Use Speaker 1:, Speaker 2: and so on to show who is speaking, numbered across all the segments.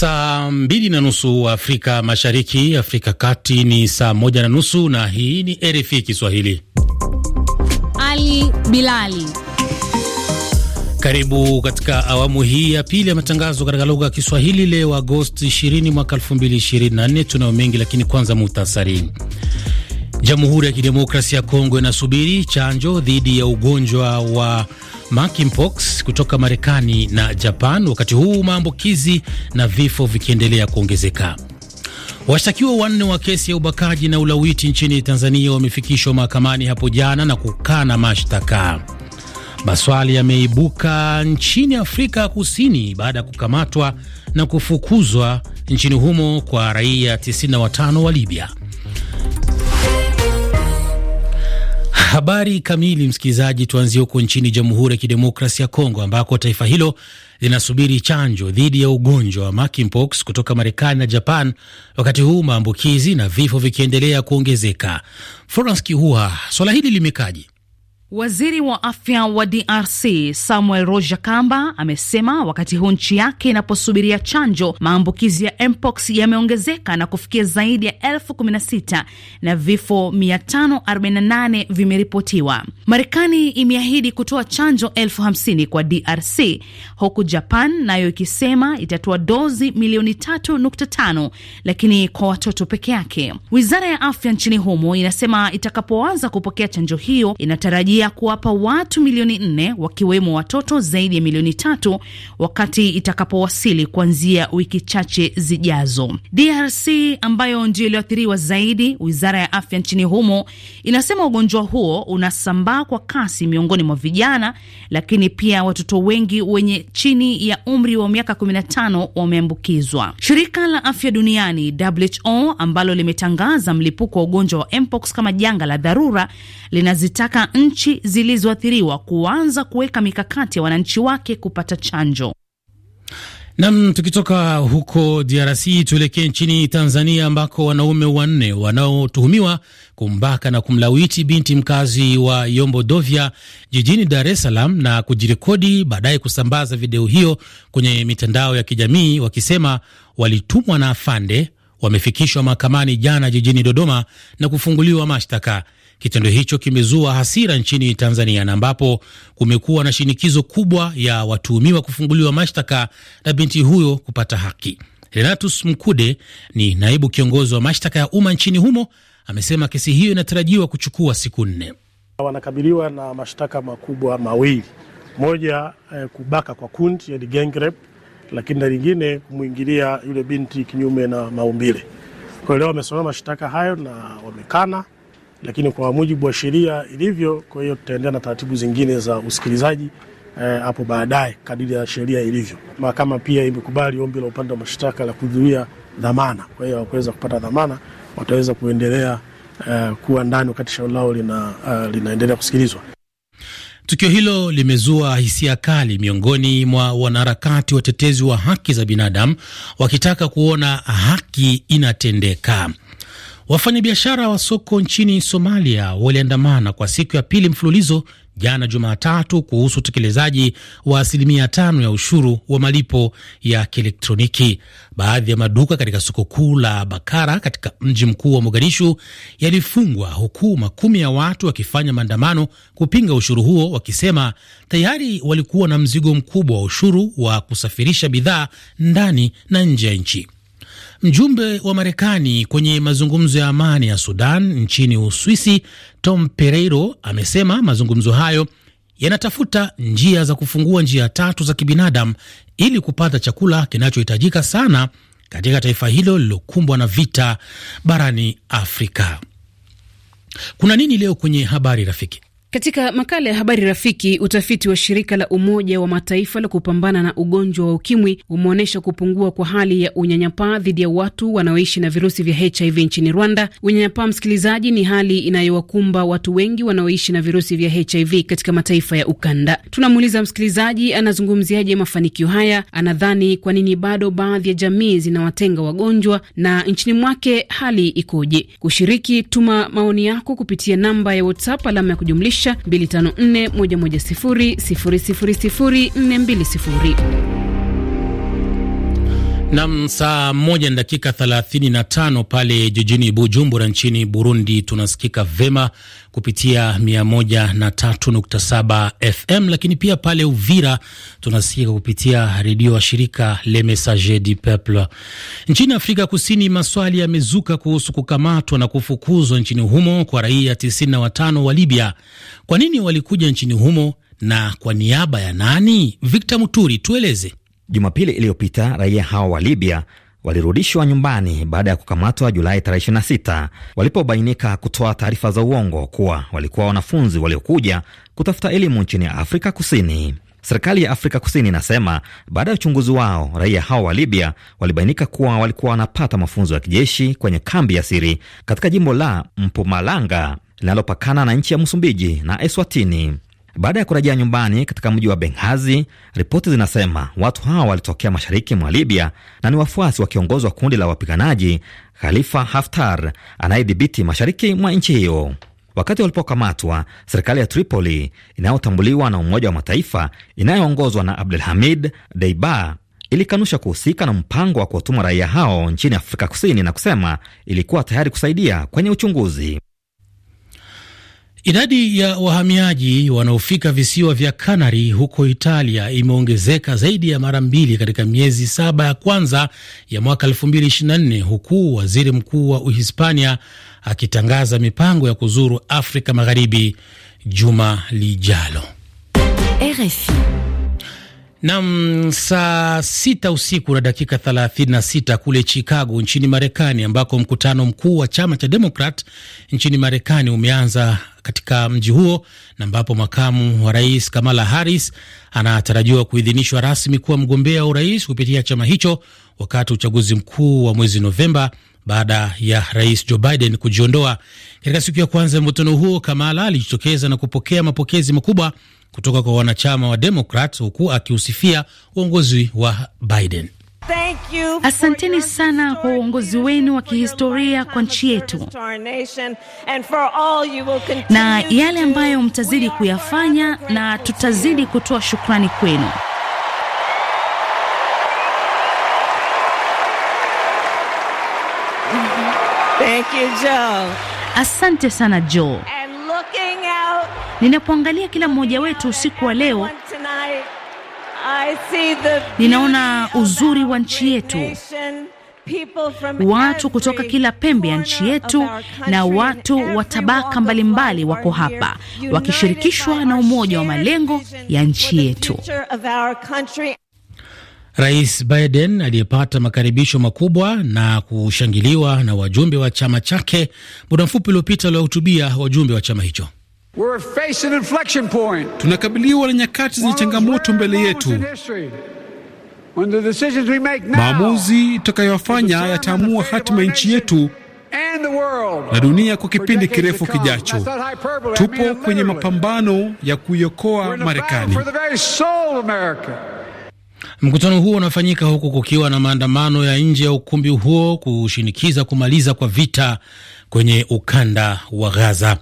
Speaker 1: Saa mbili na nusu Afrika Mashariki, Afrika Kati ni saa moja na nusu, na hii ni RFI Kiswahili.
Speaker 2: Ali Bilali,
Speaker 1: karibu katika awamu hii ya pili ya matangazo katika lugha ya Kiswahili leo Agosti 20 mwaka 2024. Tunayo mengi lakini kwanza muhtasari. Jamhuri ya Kidemokrasia ya Kongo inasubiri chanjo dhidi ya ugonjwa wa monkeypox kutoka Marekani na Japan, wakati huu maambukizi na vifo vikiendelea kuongezeka. Washtakiwa wanne wa kesi ya ubakaji na ulawiti nchini Tanzania wamefikishwa mahakamani hapo jana na kukana mashtaka. Maswali yameibuka nchini Afrika Kusini baada ya kukamatwa na kufukuzwa nchini humo kwa raia 95 wa Libya. Habari kamili, msikilizaji, tuanzie huko nchini Jamhuri ya Kidemokrasia ya Kongo ambako taifa hilo linasubiri chanjo dhidi ya ugonjwa wa monkeypox kutoka Marekani na Japan, wakati huu maambukizi na vifo vikiendelea kuongezeka. Florence Kihuha, swala hili limekaje?
Speaker 2: Waziri wa afya wa DRC Samuel Roja Kamba amesema wakati huu nchi yake inaposubiria chanjo, maambukizi ya mpox yameongezeka na kufikia zaidi ya elfu kumi na sita na vifo 548 vimeripotiwa. Marekani imeahidi kutoa chanjo elfu hamsini kwa DRC huku Japan nayo ikisema itatoa dozi milioni 3.5 lakini kwa watoto peke yake. Wizara ya afya nchini humo inasema itakapoanza kupokea chanjo hiyo inatarajia ya kuwapa watu milioni nne wakiwemo watoto zaidi ya milioni tatu wakati itakapowasili kuanzia wiki chache zijazo. DRC ambayo ndio iliyoathiriwa zaidi, wizara ya afya nchini humo inasema ugonjwa huo unasambaa kwa kasi miongoni mwa vijana, lakini pia watoto wengi wenye chini ya umri wa miaka 15 wameambukizwa. Shirika la afya duniani WHO ambalo limetangaza mlipuko wa ugonjwa wa mpox kama janga la dharura linazitaka nchi nchi zilizoathiriwa kuanza kuweka mikakati ya wananchi wake kupata chanjo.
Speaker 1: Nam, tukitoka huko DRC tuelekee nchini Tanzania ambako wanaume wanne wanaotuhumiwa kumbaka na kumlawiti binti mkazi wa Yombo Dovya jijini Dar es Salaam na kujirekodi baadaye kusambaza video hiyo kwenye mitandao ya kijamii wakisema walitumwa na afande, wamefikishwa mahakamani jana jijini Dodoma na kufunguliwa mashtaka. Kitendo hicho kimezua hasira nchini Tanzania na ambapo kumekuwa na shinikizo kubwa ya watuhumiwa kufunguliwa mashtaka na binti huyo kupata haki. Renatus Mkude ni naibu kiongozi wa mashtaka ya umma nchini humo, amesema kesi hiyo inatarajiwa kuchukua siku nne. Wanakabiliwa na mashtaka makubwa mawili, moja eh, kubaka kwa kundi, yani gang rape, lakini na lingine kumwingilia yule binti kinyume na maumbile. Kwa leo wamesomea mashtaka hayo na wamekana lakini kwa mujibu wa sheria ilivyo, kwa hiyo tutaendelea na taratibu zingine za usikilizaji eh, hapo e, baadaye kadiri ya sheria ilivyo. Mahakama pia imekubali ombi la upande wa mashtaka la kudhuia dhamana, kwa hiyo hawakuweza kupata dhamana, wataweza kuendelea e, kuwa ndani wakati shauri lao lina, uh, linaendelea kusikilizwa. Tukio hilo limezua hisia kali miongoni mwa wanaharakati watetezi wa haki za binadamu wakitaka kuona haki inatendeka. Wafanyabiashara wa soko nchini Somalia waliandamana kwa siku ya pili mfululizo jana Jumatatu kuhusu utekelezaji wa asilimia tano ya ushuru wa malipo ya kielektroniki. Baadhi ya maduka katika soko kuu la Bakara katika mji mkuu wa Mogadishu yalifungwa huku makumi ya watu wakifanya maandamano kupinga ushuru huo, wakisema tayari walikuwa na mzigo mkubwa wa ushuru wa kusafirisha bidhaa ndani na nje ya nchi. Mjumbe wa Marekani kwenye mazungumzo ya amani ya Sudan nchini Uswisi, Tom Pereiro, amesema mazungumzo hayo yanatafuta njia za kufungua njia tatu za kibinadamu ili kupata chakula kinachohitajika sana katika taifa hilo lililokumbwa na vita barani Afrika. Kuna nini leo kwenye habari rafiki?
Speaker 2: Katika makala ya habari rafiki, utafiti wa shirika la Umoja wa Mataifa la kupambana na ugonjwa wa ukimwi umeonyesha kupungua kwa hali ya unyanyapaa dhidi ya watu wanaoishi na virusi vya HIV nchini Rwanda. Unyanyapaa, msikilizaji, ni hali inayowakumba watu wengi wanaoishi na virusi vya HIV katika mataifa ya ukanda. Tunamuuliza msikilizaji, anazungumziaje mafanikio haya? Anadhani kwa nini bado baadhi ya jamii zinawatenga wagonjwa, na nchini mwake hali ikoje? Kushiriki, tuma maoni yako kupitia namba ya WhatsApp alama ya kujumlisha jumlisha 254 110 000 420
Speaker 1: Nam, saa moja na dakika 35 pale jijini Bujumbura nchini Burundi. Tunasikika vema kupitia 103.7 FM, lakini pia pale Uvira tunasikika kupitia redio wa shirika Le Messager du Peuple. Nchini Afrika Kusini, maswali yamezuka kuhusu kukamatwa na kufukuzwa nchini humo kwa raia 95 wa Libya. Kwa nini
Speaker 3: walikuja nchini humo na kwa niaba ya nani? Victor Muturi, tueleze. Jumapili iliyopita raia hao wa Libya walirudishwa nyumbani baada ya kukamatwa Julai 26 walipobainika kutoa taarifa za uongo kuwa walikuwa wanafunzi waliokuja kutafuta elimu nchini Afrika Kusini. Serikali ya Afrika Kusini inasema baada ya uchunguzi wao, raia hao wa Libya walibainika kuwa walikuwa wanapata mafunzo ya kijeshi kwenye kambi ya siri katika jimbo la Mpumalanga linalopakana na nchi ya Msumbiji na Eswatini. Baada ya kurejea nyumbani katika mji wa Benghazi, ripoti zinasema watu hawa walitokea mashariki mwa Libya na ni wafuasi wa kiongozi wa kundi la wapiganaji Khalifa Haftar anayedhibiti mashariki mwa nchi hiyo. Wakati walipokamatwa, serikali ya Tripoli inayotambuliwa na Umoja wa Mataifa inayoongozwa na Abdul Hamid Deiba ilikanusha kuhusika na mpango wa kuwatuma raia hao nchini Afrika Kusini na kusema ilikuwa tayari kusaidia kwenye uchunguzi.
Speaker 1: Idadi ya wahamiaji wanaofika visiwa vya Kanari huko Italia imeongezeka zaidi ya mara mbili katika miezi saba ya kwanza ya mwaka 2024 huku waziri mkuu wa Uhispania akitangaza mipango ya kuzuru Afrika Magharibi juma lijalo. RFI Nam, saa sita usiku na dakika 36 kule Chicago nchini Marekani, ambako mkutano mkuu wa chama cha Demokrat nchini Marekani umeanza katika mji huo na ambapo makamu wa rais Kamala Harris anatarajiwa kuidhinishwa rasmi kuwa mgombea wa urais kupitia chama hicho wakati uchaguzi mkuu wa mwezi Novemba baada ya rais Joe Biden kujiondoa. Katika siku ya kwanza ya mvutano huo, Kamala alijitokeza na kupokea mapokezi makubwa kutoka kwa wanachama wa Demokrat, huku akiusifia uongozi wa
Speaker 2: Biden. Asanteni sana kwa uongozi wenu wa kihistoria kwa nchi yetu na yale ambayo mtazidi kuyafanya, na tutazidi kutoa shukrani kwenu. Thank you, Joe. Asante sana Joe. Ninapoangalia kila mmoja wetu usiku wa leo Ninaona uzuri wa nchi yetu, watu kutoka kila pembe ya nchi yetu na watu wa tabaka mbalimbali wako hapa wakishirikishwa na umoja wa malengo ya nchi yetu.
Speaker 1: Rais Biden aliyepata makaribisho makubwa na kushangiliwa na wajumbe wa chama chake muda mfupi uliopita, aliwahutubia wajumbe wa chama hicho. Tunakabiliwa na nyakati zenye changamoto mbele yetu.
Speaker 3: Maamuzi
Speaker 1: tutakayofanya yataamua hatima nchi yetu na dunia kwa kipindi kirefu kijacho.
Speaker 3: Tupo kwenye
Speaker 1: mapambano ya kuiokoa Marekani. Mkutano huo unafanyika huku kukiwa na maandamano ya nje ya ukumbi huo kushinikiza kumaliza kwa vita kwenye ukanda wa Gaza.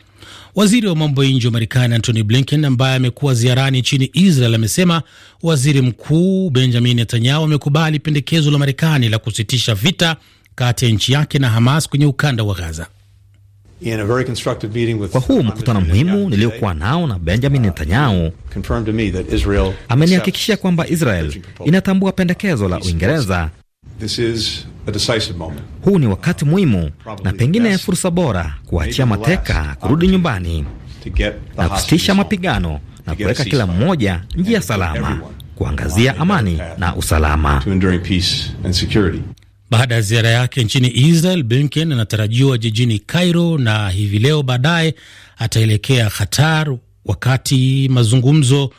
Speaker 1: Waziri wa mambo ya nje wa Marekani Antony Blinken, ambaye amekuwa ziarani nchini Israel, amesema waziri mkuu Benjamin Netanyahu amekubali pendekezo la Marekani la kusitisha vita kati ya nchi yake na Hamas kwenye ukanda wa
Speaker 3: Gaza. Kwa huu mkutano muhimu niliyokuwa nao na Benjamin uh, Netanyahu, amenihakikishia kwamba Israel inatambua pendekezo la Uingereza. Huu ni wakati muhimu na pengine fursa bora kuachia mateka kurudi nyumbani na kusitisha mapigano na kuweka kila mmoja njia salama, kuangazia amani na usalama.
Speaker 1: Baada ya ziara yake nchini Israel, Blinken anatarajiwa jijini Cairo na hivi leo baadaye ataelekea Qatar wakati mazungumzo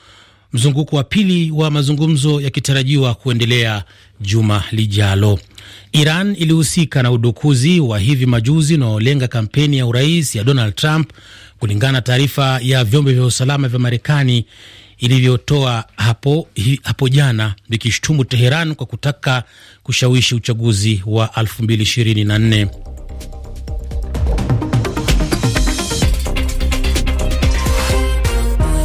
Speaker 1: mzunguko wa pili wa mazungumzo yakitarajiwa kuendelea juma lijalo. Iran ilihusika na udukuzi wa hivi majuzi unaolenga kampeni ya urais ya Donald Trump, kulingana na taarifa ya vyombo vya usalama vya Marekani ilivyotoa hapo, hapo jana vikishutumu Teheran kwa kutaka kushawishi uchaguzi wa 2024.